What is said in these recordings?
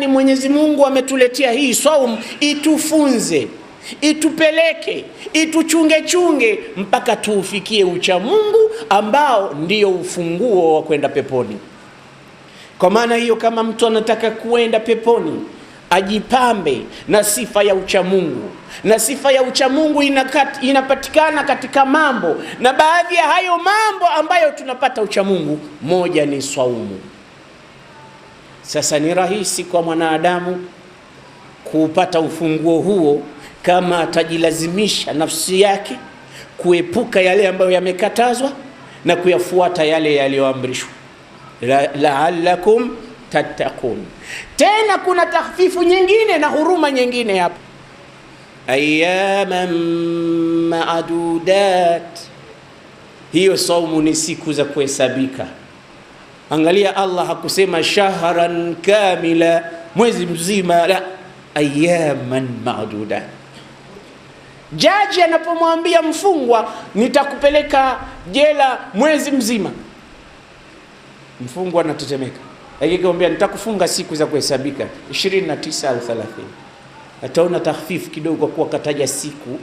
gani Mwenyezi Mungu ametuletea hii saumu itufunze itupeleke ituchunge chunge mpaka tuufikie ucha Mungu ambao ndio ufunguo wa kwenda peponi. Kwa maana hiyo, kama mtu anataka kuenda peponi ajipambe na sifa ya uchamungu, na sifa ya uchamungu inakat, inapatikana katika mambo, na baadhi ya hayo mambo ambayo tunapata uchamungu, moja ni swaumu. Sasa ni rahisi kwa mwanadamu kuupata ufunguo huo kama atajilazimisha nafsi yake kuepuka yale ambayo yamekatazwa na kuyafuata yale yaliyoamrishwa, la'allakum tattaqun. Tena kuna takhfifu nyingine na huruma nyingine hapo, ayaman maadudat, hiyo saumu ni siku za kuhesabika Angalia, Allah hakusema shahran kamila, mwezi mzima, la ayaman maduda. Jaji anapomwambia mfungwa nitakupeleka jela mwezi mzima, mfungwa anatetemeka. akikwambia nitakufunga siku za kuhesabika 29 au 30, ataona tahfifu kidogo, kwa kuwa kataja siku,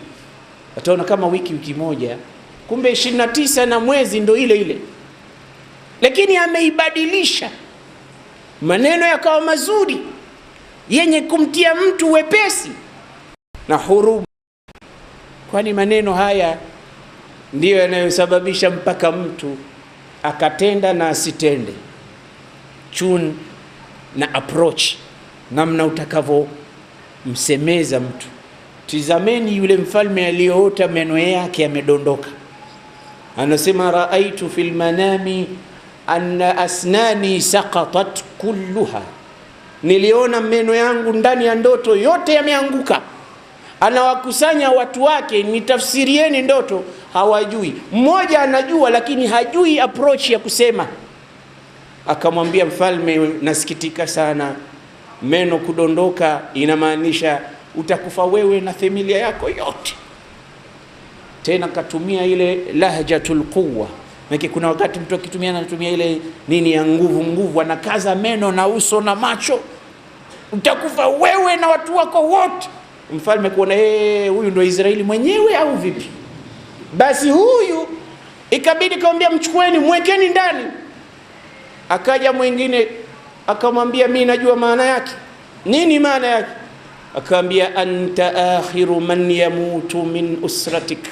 ataona kama wiki, wiki moja, kumbe 29 na mwezi ndo ile ile lakini ameibadilisha, maneno yakawa mazuri yenye kumtia mtu wepesi na huruma, kwani maneno haya ndiyo yanayosababisha mpaka mtu akatenda na asitende. chun na approach, namna utakavyomsemeza mtu. Tizameni yule mfalme aliyoota meno yake yamedondoka, anasema raaitu fi lmanami anna asnani sakatat kulluha, niliona meno yangu ndani ya ndoto yote yameanguka. Anawakusanya watu wake, nitafsirieni ndoto, hawajui. Mmoja anajua lakini hajui approach ya kusema. Akamwambia mfalme, nasikitika sana, meno kudondoka inamaanisha utakufa wewe na familia yako yote. Tena katumia ile lahjatul quwwa Maki kuna wakati mtu akitumia anatumia ile nini ya nguvu nguvu, anakaza meno na uso na macho, utakufa wewe na watu wako wote. Mfalme kuona yeye eh, huyu ndo Israeli mwenyewe au vipi? Basi huyu ikabidi kaambia, mchukueni mwekeni ndani. Akaja mwingine akamwambia, mimi najua maana yake. Nini maana yake? Akaambia, anta akhiru man yamutu min usratik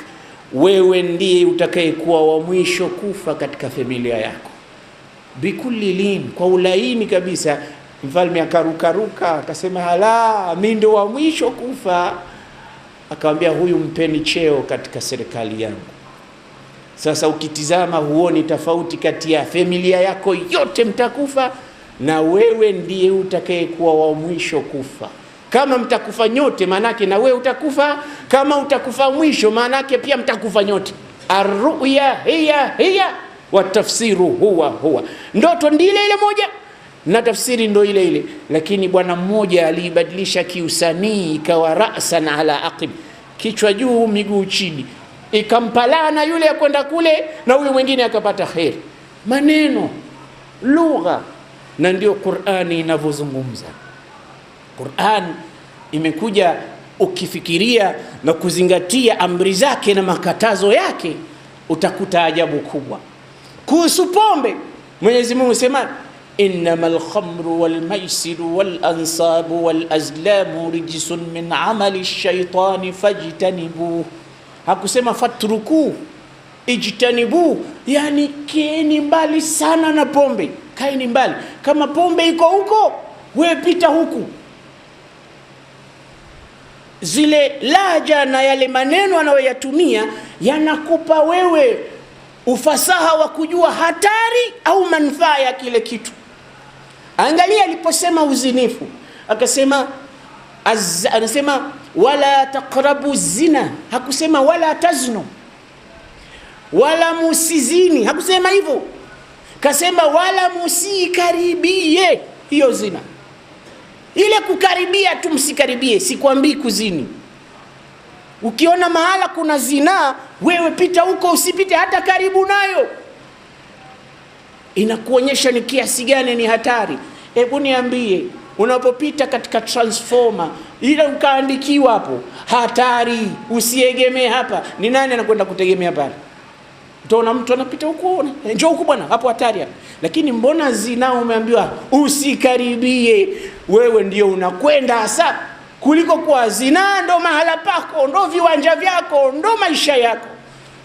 wewe ndiye utakayekuwa wa mwisho kufa katika familia yako, bikulli lin, kwa ulaini kabisa. Mfalme akarukaruka akasema, hala, mi ndo wa mwisho kufa. Akamwambia huyu, mpeni cheo katika serikali yangu. Sasa ukitizama huoni tofauti kati ya familia yako yote mtakufa, na wewe ndiye utakayekuwa wa mwisho kufa. Kama mtakufa nyote, maanake na wewe utakufa. Kama utakufa mwisho, maanake pia mtakufa nyote. Arruya hiya hiya wa tafsiru huwa huwa, ndoto ndi ile ile moja na tafsiri ndo ile ile, lakini bwana mmoja aliibadilisha kiusanii ikawa rasan ala aqib, kichwa juu miguu chini, ikampalana yule akwenda kule na huyu mwingine akapata kheri. Maneno lugha, na ndio Qur'ani inavyozungumza. Qur'an imekuja ukifikiria na kuzingatia amri zake na makatazo yake utakuta ajabu kubwa. Kuhusu pombe, Mwenyezi Mungu sema innamal khamru wal maisiru wal ansabu wal azlamu rijsun min amali shaitani fajtanibu. Hakusema fatruku ijtanibu, yani kieni mbali sana na pombe, kaeni mbali. Kama pombe iko huko, wewe pita huku zile laja na yale maneno anayoyatumia yanakupa wewe ufasaha wa kujua hatari au manufaa ya kile kitu. Angalia aliposema uzinifu, akasema az, anasema wala taqrabu zina, hakusema wala taznu wala musizini, hakusema hivyo, kasema wala musikaribie hiyo zina ile kukaribia tu msikaribie, sikwambii kuzini. Ukiona mahala kuna zinaa, wewe pita huko, usipite hata karibu nayo. Inakuonyesha ni kiasi gani ni hatari. Hebu niambie, unapopita katika transformer ile ukaandikiwa hapo hatari, usiegemee hapa, ni nani anakwenda kutegemea pale? utaona mtu anapita huko, eh, njoo huko bwana, hapo hatari. Lakini mbona zinaa umeambiwa usikaribie, wewe ndio unakwenda hasa, kuliko kuwa zinaa ndo mahala pako, ndo viwanja vyako, ndo maisha yako.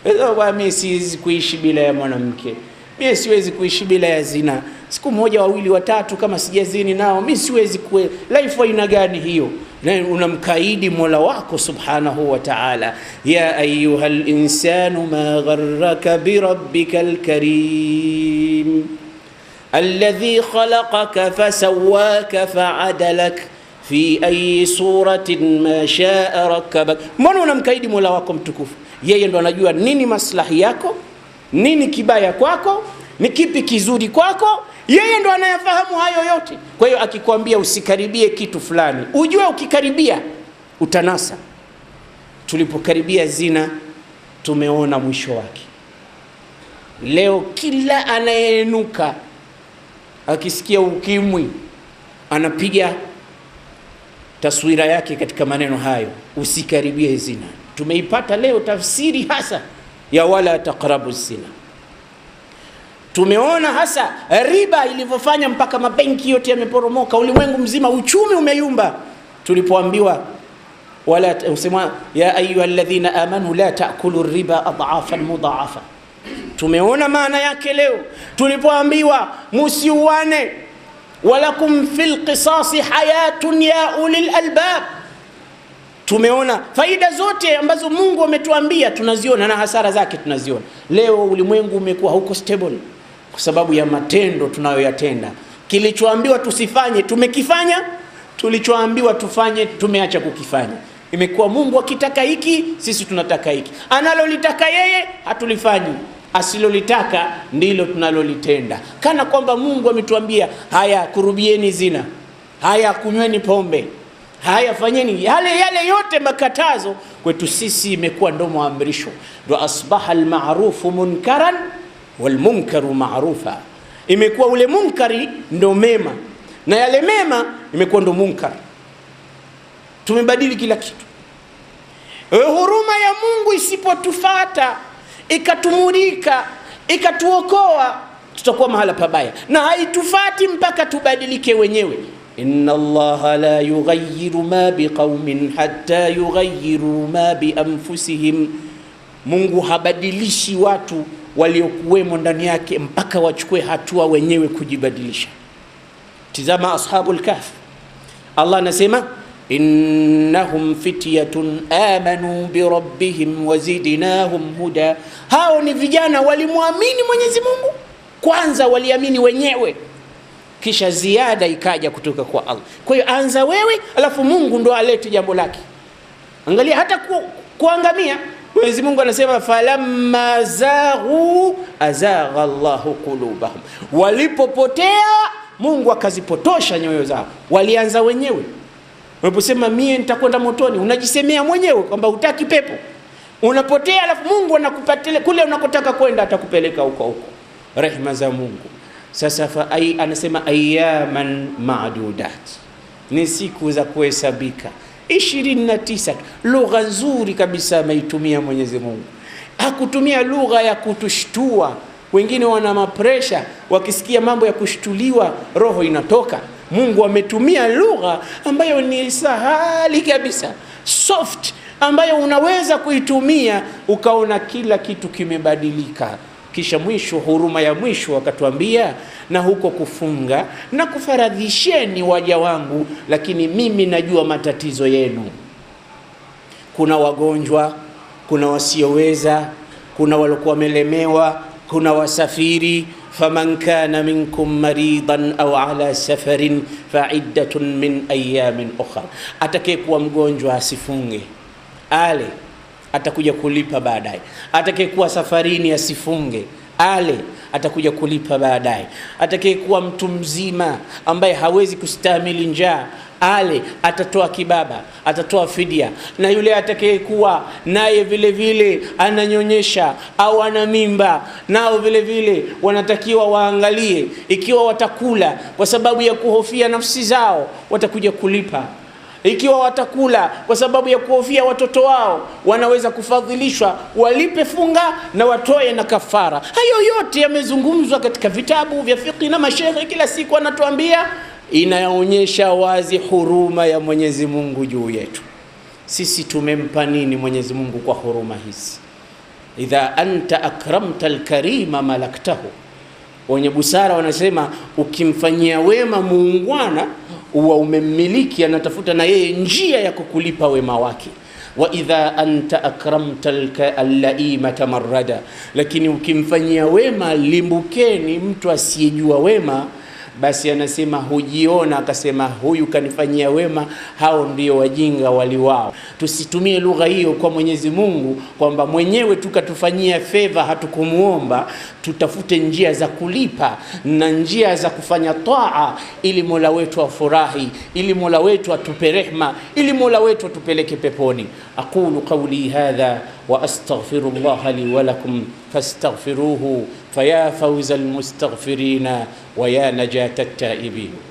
Eh, mimi siwezi kuishi bila ya mwanamke, mimi siwezi kuishi bila ya zinaa siku moja wawili watatu, kama sijazini nao mi siwezi kweli. Life aina gani hiyo? Na unamkaidi Mola wako subhanahu wa ta'ala. ya ayuha linsanu ma gharraka birabbika lkarim aladhi khalaqaka fasawaka faadalak fi ayi suratin ma shaa rakabak. Mbona unamkaidi Mola wako mtukufu? Yeye ndo anajua nini maslahi yako, nini kibaya kwako ni kipi kizuri kwako, yeye ndo anayafahamu hayo yote. Kwa hiyo akikwambia usikaribie kitu fulani, ujue ukikaribia utanasa. Tulipokaribia zina, tumeona mwisho wake. Leo kila anayeenuka akisikia ukimwi anapiga taswira yake katika maneno hayo, usikaribie zina. Tumeipata leo tafsiri hasa ya wala taqrabu zina. Tumeona hasa riba ilivyofanya mpaka mabenki yote yameporomoka, ulimwengu mzima uchumi umeyumba, tulipoambiwa wala usema ya ayuha alladhina amanu la taakulu riba adhafan mudhaafa. Tumeona maana yake leo tulipoambiwa musiuane, walakum fil qisasi hayatun ya ulil albab. Tumeona faida zote ambazo Mungu ametuambia tunaziona, na hasara zake tunaziona. Leo ulimwengu umekuwa huko stable kwa sababu ya matendo tunayoyatenda. Kilichoambiwa tusifanye tumekifanya, tulichoambiwa tufanye tumeacha kukifanya. Imekuwa Mungu akitaka hiki, sisi tunataka hiki, analolitaka yeye hatulifanyi asilolitaka ndilo tunalolitenda, kana kwamba Mungu ametuambia haya, kurubieni zina, haya, kunyweni pombe, haya, fanyeni yale yale, yote makatazo. Kwetu sisi imekuwa ndo maamrisho, ndo asbaha almarufu munkaran walmunkaru maarufa, imekuwa ule munkari ndo mema na yale mema imekuwa ndo munkar. Tumebadili kila kitu. Eh, huruma ya Mungu isipotufata ikatumurika ikatuokoa, tutakuwa mahala pabaya, na haitufati mpaka tubadilike wenyewe. Inna Allah la yughayyiru ma biqaumin hatta yughayyiru ma bi anfusihim, Mungu habadilishi watu waliokuwemo ndani yake mpaka wachukue hatua wenyewe kujibadilisha. Tizama ashabul kahf, Allah anasema innahum fityatun amanu birabbihim wazidnahum huda, hao ni vijana walimwamini Mwenyezi Mungu kwanza, waliamini wenyewe kisha ziada ikaja kutoka kwa Allah. Kwa hiyo anza wewe, alafu Mungu ndo alete jambo lake. Angalia hata ku, kuangamia Mwenyezi Mungu anasema falamma zaghu azagha Allahu qulubahum, walipopotea Mungu akazipotosha nyoyo zao, walianza wenyewe. Unaposema mie nitakwenda motoni, unajisemea mwenyewe kwamba hutaki pepo, unapotea alafu Mungu anakupatia kule unakotaka kwenda, atakupeleka huko huko, rehma za Mungu. Sasa fa ay, anasema ayaman maadudat, ni siku za kuhesabika ishirini na tisa tu. Lugha nzuri kabisa ameitumia Mwenyezi Mungu, hakutumia lugha ya kutushtua. Wengine wana mapresha, wakisikia mambo ya kushtuliwa roho inatoka. Mungu ametumia lugha ambayo ni sahali kabisa, soft, ambayo unaweza kuitumia ukaona kila kitu kimebadilika. Kisha mwisho, huruma ya mwisho wakatuambia, na huko kufunga na kufaradhisheni waja wangu, lakini mimi najua matatizo yenu. Kuna wagonjwa, kuna wasioweza, kuna waliokuwa wamelemewa, kuna wasafiri. faman kana minkum maridan au ala safarin faiddatun min ayamin ukhra, atakayekuwa mgonjwa asifunge ale atakuja kulipa baadaye. Atakayekuwa safarini asifunge, ale, atakuja kulipa baadaye. Atakayekuwa mtu mzima ambaye hawezi kustahimili njaa ale, atatoa kibaba, atatoa fidia. Na yule atakayekuwa naye vile vile ananyonyesha au ana mimba, nao vile vile wanatakiwa waangalie ikiwa watakula, kwa sababu ya kuhofia nafsi zao, watakuja kulipa ikiwa watakula kwa sababu ya kuhofia watoto wao, wanaweza kufadhilishwa walipe funga na watoe na kafara. Hayo yote yamezungumzwa katika vitabu vya fiqh na mashehe, kila siku anatuambia, inaonyesha wazi huruma ya Mwenyezi Mungu juu yetu. Sisi tumempa nini Mwenyezi Mungu kwa huruma hizi? Idha anta akramta alkarima malaktahu. Wenye busara wanasema ukimfanyia wema muungwana uwa umemmiliki, anatafuta na yeye njia ya kukulipa wema wake. wa idha anta akramta laima tamarrada, lakini ukimfanyia wema limbukeni mtu asiyejua wema basi anasema hujiona, akasema huyu kanifanyia wema, hao ndio wajinga waliwao. Tusitumie lugha hiyo kwa Mwenyezi Mungu, kwamba mwenyewe tukatufanyia fedha, hatukumuomba tutafute njia za kulipa na njia za kufanya taa, ili Mola wetu afurahi, ili Mola wetu atupe rehma, ili Mola wetu atupeleke peponi. Aqulu qawli hadha wa astaghfirullah li wa lakum fastaghfiruhu faya fawza almustaghfirina wa ya najata at-taibin.